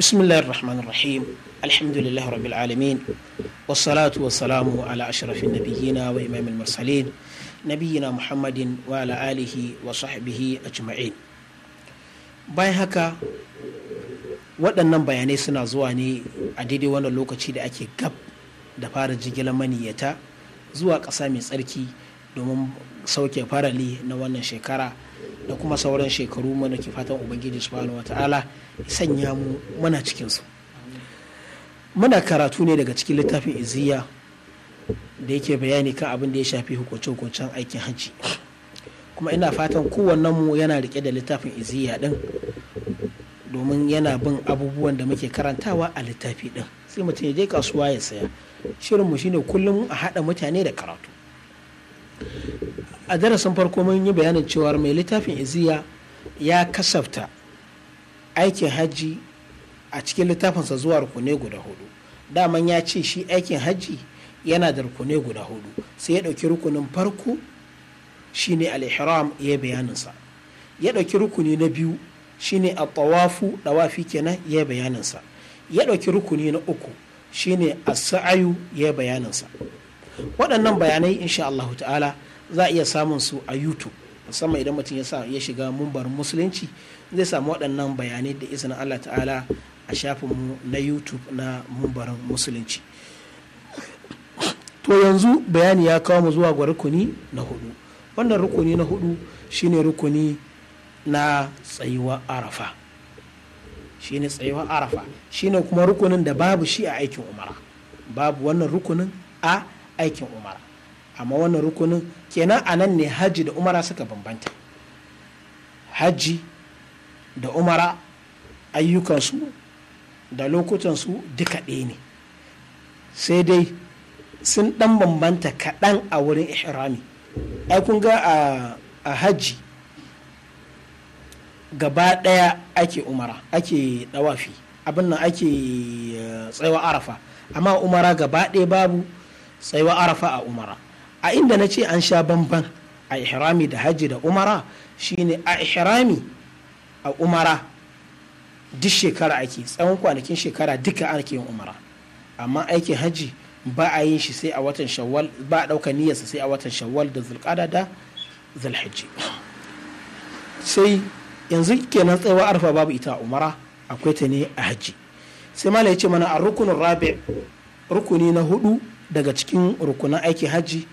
bismillahir rahmanir rahim alhamdulillah rabbil alamin was salatu was salamu ala ashrafin nabiyina wa imamil mursalin nabiyina muhammadin wa ala alihi wa sahbihi ajma'in bayan haka waɗannan bayanai suna zuwa ne a daidai wannan lokaci da ake gab da fara jigilar maniyyata zuwa ƙasa mai tsarki domin sauke farali na wannan shekara da kuma sauran shekaru mana ke fatan ubangiji subhanahu wata'ala sanya mu muna su muna karatu ne daga cikin littafin iziya da yake bayani kan abin da ya shafi hukunce-hukuncen aikin hajji kuma ina fatan kowannen mu yana rike da littafin iziya din domin yana bin abubuwan da muke karantawa a littafi din sai mutum ya je kasuwa ya saya shirin mu shine kullum a haɗa mutane da karatu a darasin farko mun yi bayanin cewar mai littafin iziya ya kasafta aikin hajji a cikin littafinsa zuwa rukune guda hudu daman ya ce shi aikin hajji yana da rukune guda hudu sai ya ɗauki rukunin farko shine al-ihram ya bayaninsa ya ɗauki rukuni na biyu shine at-tawafu dawafi kenan ya bayaninsa ya ɗauki rukuni na uku shine as-sa'yu ya bayaninsa waɗannan bayanai insha Allah ta'ala za a iya samun su a youtube musamman idan mutum ya ya shiga mumbar musulunci zai samu waɗannan bayanai da izinin allah ta'ala a shafin mu na youtube na mumbarin musulunci to yanzu bayani ya kawo mu zuwa ga rukuni na hudu wannan rukuni na hudu shine rukuni na tsayuwa arafa shine tsayuwa arafa shine kuma rukunin da babu shi a aikin umara babu wannan rukunin a aikin umara amma wannan rukunin kenan a nan ne hajji da umara suka bambanta hajji da umara ayyukansu da lokutansu duka ɗaya ne sai dai sun ɗan bambanta kaɗan a wurin ihrami ai kun ga a hajji gaba ɗaya ake umara ake ɗawafi abin ake eh, tsaiwa arafa amma umara gaba ɗaya babu tsaiwa arafa a umara a inda na ce an sha bamban a ihrami da hajji da umara shine a ihrami a umara duk shekara ake tsawon kwanakin shekara duka ake yin umara amma aikin hajji ba a yin shi sai a watan shawwal ba a ɗaukar niyyarsa sai a watan shawwal da zulƙada da zulhajji sai yanzu kenan tsayawa arfa babu ita a umara akwai ta ne a hajji sai mala ya ce mana a rukunin rabi rukuni na hudu daga cikin rukunan aikin hajji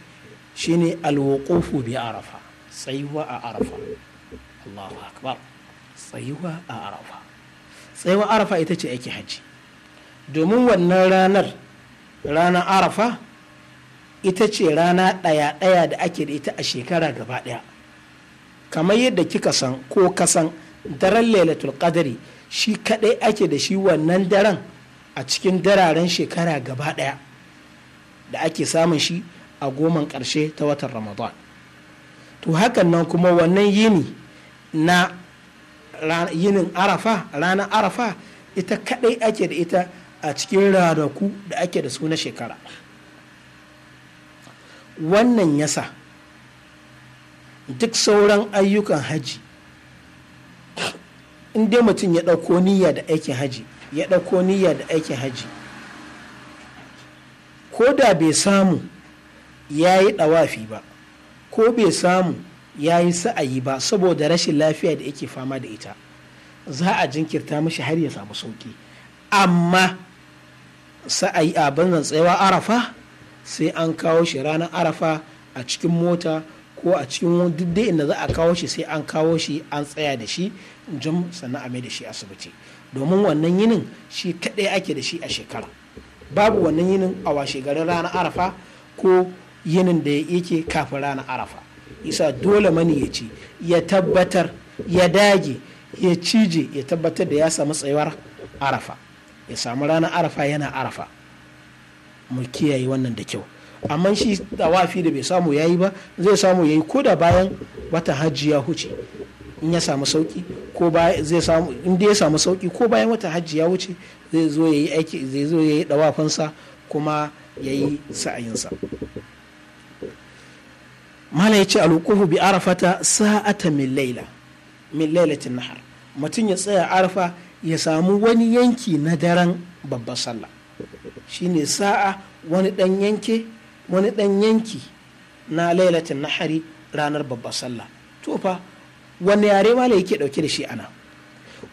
shine alwokofu bi arafa tsayuwa a arafa Allahu akbar tsayuwa a arafa tsayuwa arafa ita ce ake haji domin wannan ranar ranar arafa ita ce rana ɗaya ɗaya da ake da ita a shekara gaba ɗaya kamar yadda kika san ko kasan daren lailatul qadari shi kaɗai ake da shi wannan daren a cikin dararen shekara gaba ɗaya da ake samun shi a goman ƙarshe ta watan ramadan to hakan nan kuma wannan yini na yinin arafa ranar arafa ita kadai ake da ita a cikin ranaku da ake da su na shekara wannan yasa duk sauran ayyukan haji in dai mutum ya ɗauko niyya da aikin haji ya ɗauko niyya da aikin haji ko da bai samu ya yi ɗawafi ba ko bai samu ya yi sa'ayi ba saboda rashin lafiya da yake fama da ita za a jinkirta mashi har ya samu sauki amma sa'ayi a banzan tsayawa arafa sai an kawo shi ranar arafa a cikin mota ko a cikin duk dai inda za a kawo shi sai an kawo shi an tsaya da shi jim sannan a mai da shi asibiti domin wannan yinin shi kaɗai ake da shi a shekara babu wannan yinin a washe garin ranar arafa ko yinin da ya yake kafin ranar arafa isa dole mani ya ci ya tabbatar ya dage ya cije ya tabbatar da ya samu tsayuwar arafa ya samu ranar arafa yana arafa mu kiyaye wannan da kyau amma shi dawafi da bai samu yayi ba zai samu yayi ko da bayan wata hajji ya huce in ya samu sauki ko zai samu in ya samu sauki ko bayan wata hajji ya wuce zai zo yayi aiki zai zo yayi dawafinsa kuma yayi sa'ayinsa mala yace alwuqufu bi arafata sa'ata min layla min lailatin nahar mutum ya tsaya arafa ya samu wani yanki na daren babbar sallah shine sa'a wani dan yanke wani dan yanki na lailatin nahari ranar babbar sallah to fa wanne yare mala yake dauke da shi ana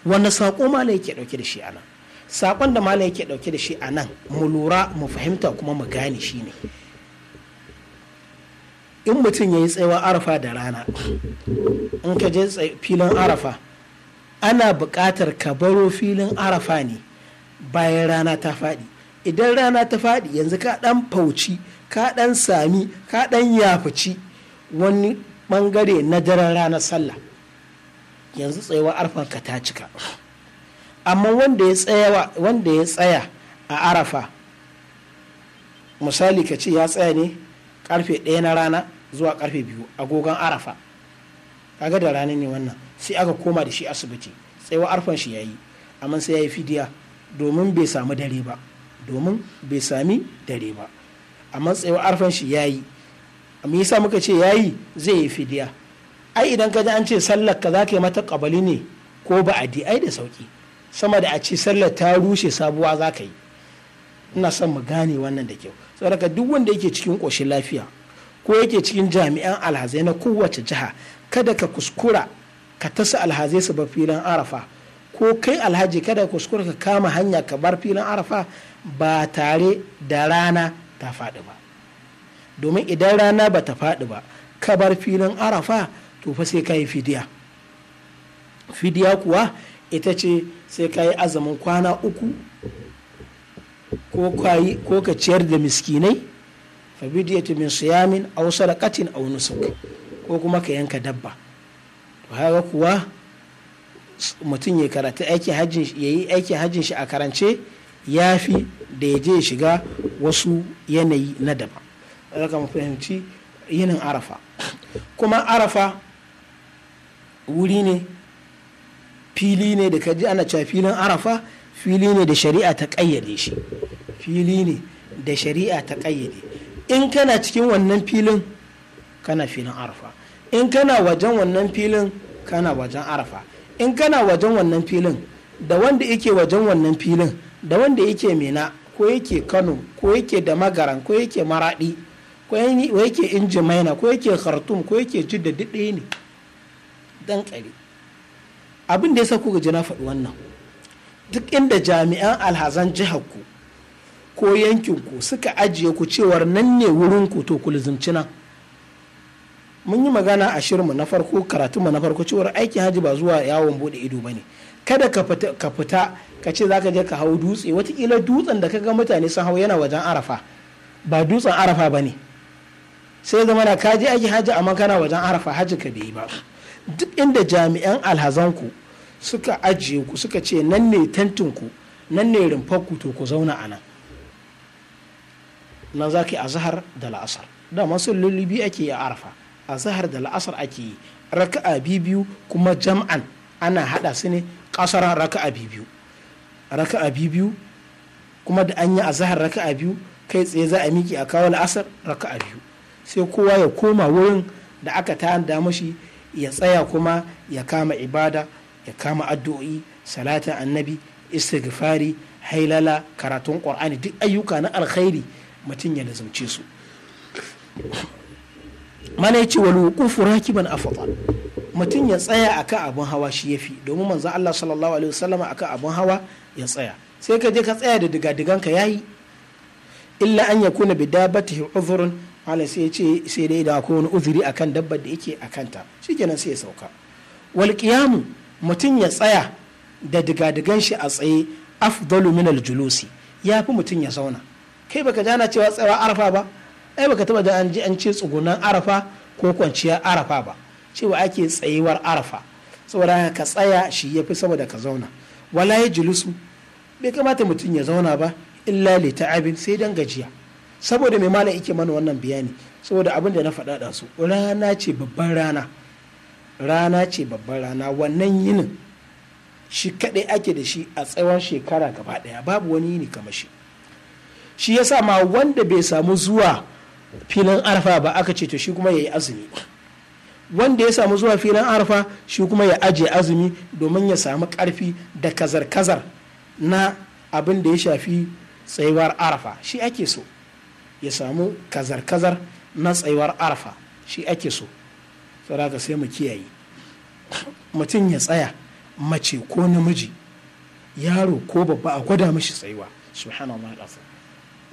wanne sako mala yake dauke da shi ana sakon da mala yake dauke da shi anan mu lura mu fahimta kuma mu gane shine ne in mutum ya yi tsayawa arafa da rana in ka je filin arafa ana buƙatar ka baro filin arafa ne bayan rana ta faɗi idan rana ta faɗi yanzu ka ɗan fauci ka ɗan sami ka ɗan yafaci wani ɓangare na daren ranar sallah yanzu tsayawa arafa ka ta cika amma wanda ya tsaya a arafa misali ka ce ya tsaya ne karfe ɗaya na rana zuwa karfe biyu agogon arafa kaga da rana ne wannan sai aka koma da shi asibiti tsayawa arfan shi yayi amma sai yayi fidiya domin bai samu dare ba domin bai sami dare ba amma tsayawa arfan shi yayi amma yasa muka ce yayi zai yi fidiya ai idan ka an ce sallar ka zaka yi mata kabali ne ko ba a ai da sauki sama da a ce sallar ta rushe sabuwa zaka yi ina son mu gane wannan da kyau saboda duk wanda yake cikin koshin lafiya ko yake cikin jami'an alhazai na kowace jiha kada ka kuskura ka tasa alhazai su bar filin arafa ko kai alhaji kada ka kuskura ka kama hanya ka bar filin arafa ba tare da rana ta faɗi ba domin idan rana ba ta faɗi ba ka bar filin arafa to fa sai ka yi fidiya fidiya kuwa ita ce sai ka yi azumin kwana uku ko ka ciyar da miskinai fa bidiyatu min siyamin aw sadaqatin aw nusuk ko kuma ka yanka dabba to haka kuwa mutum ya karata aiki hajji ya yi aiki hajjin shi a karance ya fi da ya je shiga wasu yanayi na daban za ka fahimci yinin arafa kuma arafa wuri ne fili ne da kaji ana cewa filin arafa fili ne da shari'a ta ƙayyade shi fili ne da shari'a ta kayyade in kana cikin wannan filin kana filin arafa in kana wajen wannan filin kana wajen arafa in kana wajen wannan filin da wanda yake wajen wannan filin da wanda yake mina ko yake kano ko yake da magaran ko yake maradi ko yake injimaina ko yake khartum ko yake jidda duk ɗaya ne dan kare abin da ya sa ku ga na faɗi wannan duk inda jami'an alhazan jihar ku ko yankin ku suka ajiye ku cewar nan ne wurin ku to kulzumcina mun yi magana a shirinmu na farko karatunmu na farko cewar aikin haji ba zuwa yawon bude ido ba ne kada ka fita ka ce za je ka hau dutse watakila dutsen da ka ga mutane sun hau yana wajen arafa ba dutsen arafa bane sai zama na ka je aikin haji amma kana wajen arafa haji ka bai ba duk inda jami'an alhazanku suka ajiye ku suka ce nan ne ku nan ne ku to ku zauna a nan nan za ka yi azahar da la'asar dama salloli biyu ake yi a arafa azahar da la'asar ake yi raka'a biyu kuma jam'an ana haɗa su ne kasaran raka'a biyu raka'a biyu kuma da an yi azahar raka'a biyu kai tsaye za a miki a kawo la'asar raka'a biyu sai kowa ya koma wurin da aka ta'anda mashi ya tsaya kuma ya kama ibada ya kama addu'o'i salatin annabi istighfari hailala karatun qur'ani duk ayyuka na alkhairi mutum ya nazauce su mana ya ce wal wuqufu rakiban afdal mutum ya tsaya akan abin hawa shi yafi domin manzo Allah sallallahu alaihi wasallam akan abin hawa ya tsaya sai ka je ka tsaya da digadigan ka yayi illa an yakuna bidabatihi udhrun mana sai ce sai dai da akwai wani uzuri kan dabbar da yake akanta kenan sai ya sauka wal qiyamu mutum ya tsaya da digadigan shi a tsaye afdalu min al julusi yafi mutum ya zauna kai baka jana cewa tsawa arafa ba ai baka taba da an ji an ce tsugunan arafa ko kwanciyar arafa ba cewa ake tsayuwar arafa saboda ka tsaya shi ya fi saboda ka zauna wala ya julusu bai kamata mutum ya zauna ba illa li ta'abin sai dan gajiya saboda mai malam yake mana wannan bayani saboda abin da na faɗa da su rana ce babban rana rana ce babban rana wannan yinin shi kaɗai ake da shi a tsawon shekara gaba ɗaya babu wani yini kamar shi shi ya sa ma wanda bai samu zuwa filin arfa ba aka ce to shi kuma ya yi azumi wanda ya samu zuwa filin arfa shi kuma ya aje azumi domin ya samu karfi da kazar-kazar na abin da ya shafi tsayuwar arfa shi ake so ya samu kazar-kazar na tsayuwar arfa shi ake so saraka sai mu kiyaye mutum ya tsaya mace ko namiji yaro ko babba a gwada mashi tsayuwa subhanallah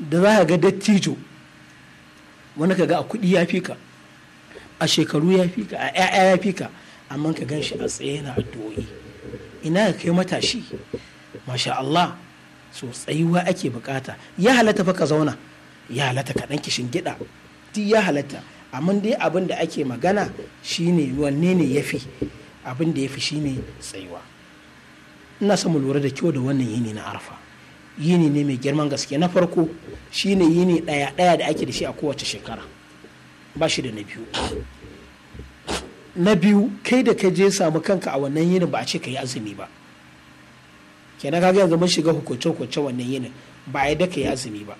da za a ga dattijo wani ka ga a kudi ya fi a shekaru ya fi ka a 'ya'ya ya fi ka amma ka gan shi a tsaye yana addu'o'i ina ka kai matashi masha Allah so tsayuwa ake bukata ya halatta fa ka zauna ya halatta ka ɗan kishin gida duk ya halatta amma dai abin da ake magana shine wanne ne ya fi abin da ya shine tsayuwa ina son mu lura da kyau da wannan yini na arfa yini ne mai girman gaske na farko shine yini ɗaya ɗaya da ake da shi a kowace shekara ba shi da na biyu na biyu kai da ka je samu kanka a wannan yinin ba a ce ka yi azumi ba kenan kaga yanzu mun shiga hukunce-hukunce wannan yinin ba a yi da ka yi azumi ba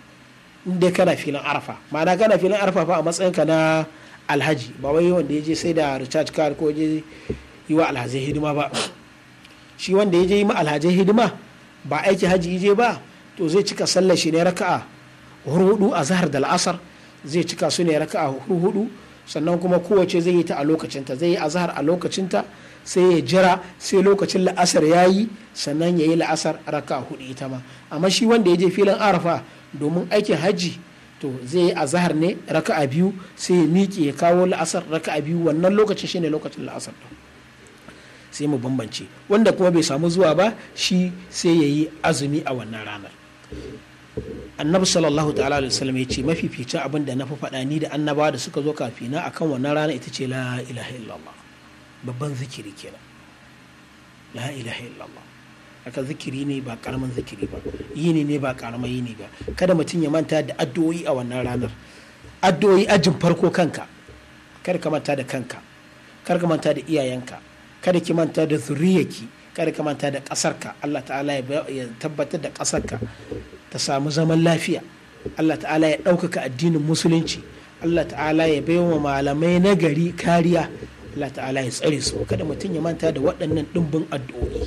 in dai kana filin arfa ma'ana kana filin arfa fa a matsayinka na alhaji ba wai wanda ya je sai da recharge card ko je yi wa alhazai hidima ba shi wanda ya je yi ma alhazai hidima ba aiki haji je ba to zai cika sallar shi ne raka'a hudu a zahar da la'asar zai cika su ne raka'a hudu sannan kuma kowace zai yi ta a lokacinta zai yi a zahar a lokacinta sai ya jira sai lokacin la'asar ya yi sannan ya yi la'asar raka'a hudu ita ma amma shi wanda ya je filin arafa domin aikin hajji to zai yi a zahar ne raka'a biyu sai ya miƙe ya kawo la'asar raka biyu wannan lokacin shine lokacin la'asar ɗin sai mu bambance wanda kuma bai samu zuwa ba shi sai ya yi azumi a wannan ranar annabi sallallahu ta'ala alaihi wasallam ya ce mafi fice abin da na fi faɗa ni da annabawa da suka zo kafina akan wannan rana ita ce la ilaha illallah babban zikiri kenan la ilaha illallah aka zikiri ne ba karamin zikiri ba yini ne ba karamin yini ba kada mutum ya manta da addu'o'i a wannan ranar addu'o'i ajin farko kanka kar ka manta da kanka kar ka manta da iyayenka kada ki manta da zuriyarki kada ka manta da ƙasarka Allah ta'ala ya tabbatar da ƙasarka ta samu zaman lafiya Allah ta'ala ya ɗaukaka addinin musulunci Allah ta'ala ya bai wa malamai nagari kariya Allah ta'ala ya tsare su kada mutum ya manta da waɗannan ɗimbin addu'o'i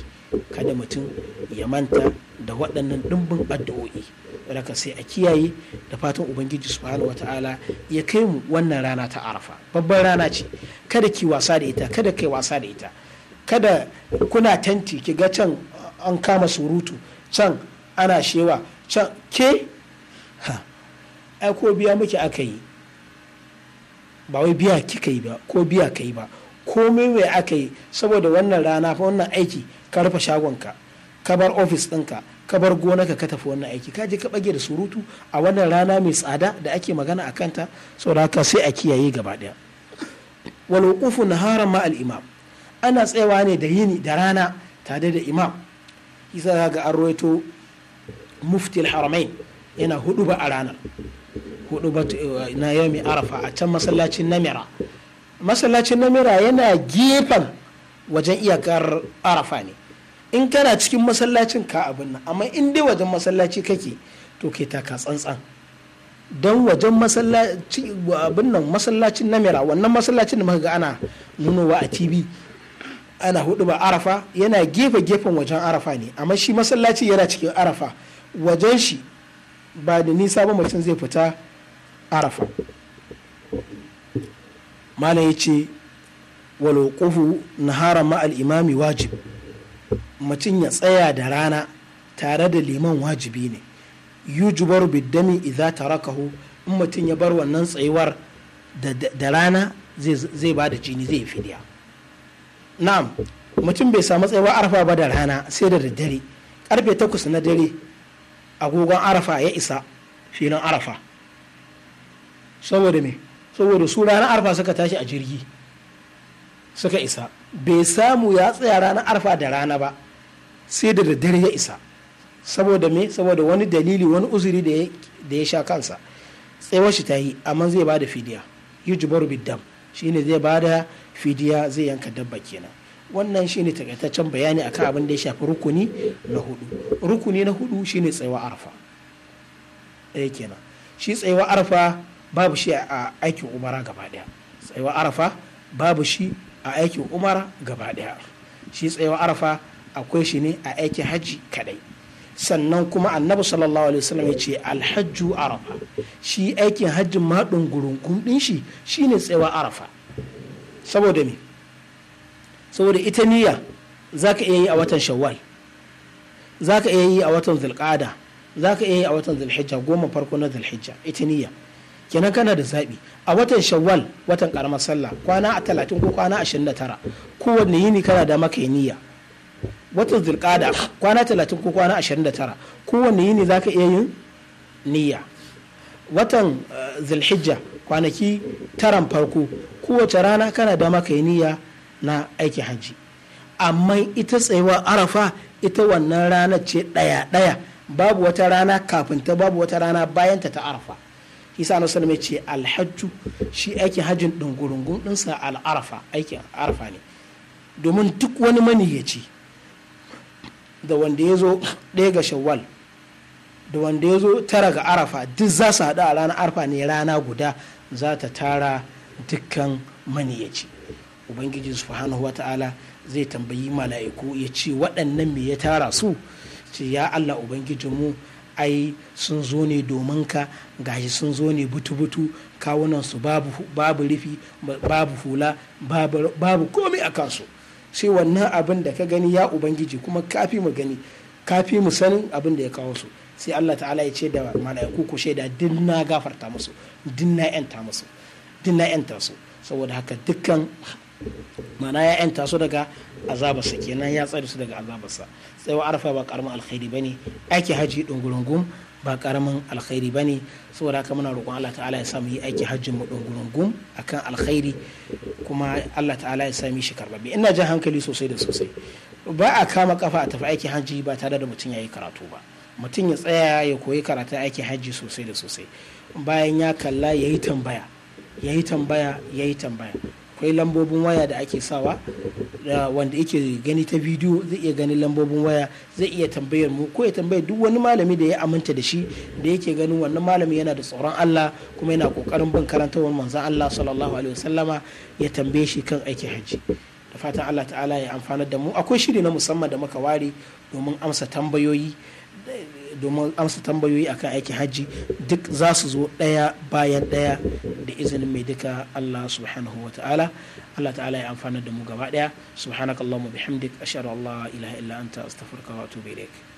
kada mutum ya manta da waɗannan ɗimbin addu'o'i raka sai a kiyaye da fatan ubangiji subhanahu wata'ala ya kai mu wannan rana ta arafa babban rana ce kada ki wasa da ita kada kai wasa da ita kada kuna tanti ki ga can an kama surutu can ana shewa can ke ha ko biya muke aka yi ba wai biya kika yi ba ko biya ka yi ba komai mai aka yi saboda wannan rana fa wannan aiki ka rufe shagonka ka bar ofis ɗinka ka bar gona ka tafi wannan aiki ka je ka bage da surutu a wannan rana mai tsada da ake magana a kanta saboda haka sai a kiyaye gaba ɗaya wal wuqufu naharan ma al imam ana tsayawa ne da yini da rana tare da imam isa ga an roito mufti haramain yana hudu ba a ranar hudu ba eh, na yami arafa a can masallacin namira masallacin namira yana gefen wajen iyakar arafa ne in kana cikin masallacin ka abin nan amma in dai wajen masallaci kake to ke taka tsantsan don wajen masallaci abin nan masallacin namira wannan masallacin da muka ga ana nunowa a tv ana hudu ba arafa yana gefe gefen wajen arafa ne amma shi masallaci yana cikin arafa wajen shi ba da nisa ba mutum zai fita arafa malam ya ce na nahara ma'al imami wajib mutum ya tsaya da rana tare da liman wajibi ne yujubar biddami idza tarakahu in mutum ya bar wannan tsayuwar da rana zai ba da jini zai fidiya na'am mutum bai samu tsayuwar arafa ba da rana sai da daddare karfe takwas na dare agogon arafa ya isa filin arafa saboda me saboda su ranar arafa suka tashi a jirgi suka isa bai samu ya tsaya ranar arafa da rana ba sai da daddare ya isa saboda me saboda wani dalili wani uzuri da ya sha kansa tsayuwar shi ta yi amma zai ba da fidiya yujibar biddam shine zai ba da fidiya zai yanka dabba kenan wannan shine takaitaccen bayani akan abin da ya shafi rukuni na hudu rukuni na hudu shine tsayawa arfa ɗaya kenan shi tsayawa arfa babu shi a aikin umara gaba daya tsayawa arfa babu shi a aikin umara gaba daya shi tsayawa arfa akwai shi ne a aikin haji kadai sannan kuma annabi sallallahu alaihi wasallam ya ce alhajju arafa shi aikin hajjin ma ɗungurungun ɗin shi shine tsayawa arafa saboda me saboda ita niyya za ka iya yi a watan shawwal za ka iya yi a watan zulƙada za ka iya yi a watan zulhijja goma farko na zulhijja ita niyya kenan kana da zaɓi a watan shawwal watan ƙaramar sallah kwana a talatin ko kwana ashirin da tara kowanne yini kana da maka yi niyya watan zulƙada kwana talatin ko kwana ashirin da tara kowanne yini za ka iya yin niyya watan eh, zulhijja kwanaki taran farko kowace rana kana da makainiya na aiki hajji amma ita tsayuwa arafa ita wannan rana ce ɗaya ɗaya babu wata rana kafin ta babu wata rana bayan ta ta arafa isa na salama ce alhajju shi aikin hajjin ɗungurungun ɗinsa al'arafa aikin arafa ne domin duk wani mani ya ce da wanda ya zo ɗaya ga shawwal da wanda ya zo tara ga arafa duk za su haɗu a ranar arafa ne rana guda za ta tara dukkan maniyaci ubangiji subhanahu wa ta'ala zai tambayi mala'iku ya ce waɗannan me ya tara su ce ya allah mu ai sun zo ne domin ka gashi sun zo ne butu-butu kawunan su babu, rufi babu hula babu, babu komai a kansu sai wannan abin da ka gani ya ubangiji kuma kafi mu gani kafi mu sanin abin da ya kawo su sai Allah ta'ala ya ce da malayaku ku shaida din na gafarta musu din na yanta musu din na yanta su saboda haka dukkan mana ya yanta su daga azabarsa kenan ya tsare su daga azabarsa tsayawa arfa ba karamin alkhairi bane aiki haji dungurungum ba karamin alkhairi bane saboda haka muna roƙon Allah ta'ala ya samu yi aiki haji mu dungurungum akan alkhairi kuma Allah ta'ala ya sami shi karbabe ina jan hankali sosai da sosai ba a kama kafa a tafi aiki haji ba tare da mutum ya yi karatu ba mutum ya tsaya ya koyi karatu aiki hajji sosai da sosai bayan ya kalla ya yi tambaya ya yi tambaya ya yi tambaya akwai lambobin waya da ake sawa wanda yake gani ta bidiyo zai iya gani lambobin waya zai iya tambayar mu ko ya tambaya duk wani malami da ya aminta da shi da yake ganin wannan malami yana da tsoron Allah kuma yana kokarin bin karantawar manzon Allah sallallahu alaihi wasallama ya tambaye shi kan aikin hajji da fatan Allah ta'ala ya amfanar da mu akwai shiri na musamman da muka ware domin amsa tambayoyi domin amsa tambayoyi akan aikin hajji duk za su zo ɗaya bayan ɗaya da izinin mai duka Allah subhanahu wa ta'ala Allah ta'ala ya amfana da mu gaba ɗaya subhanakallahumma bihamdik ashhadu an la ilaha illa anta astaghfiruka wa atubu ilaik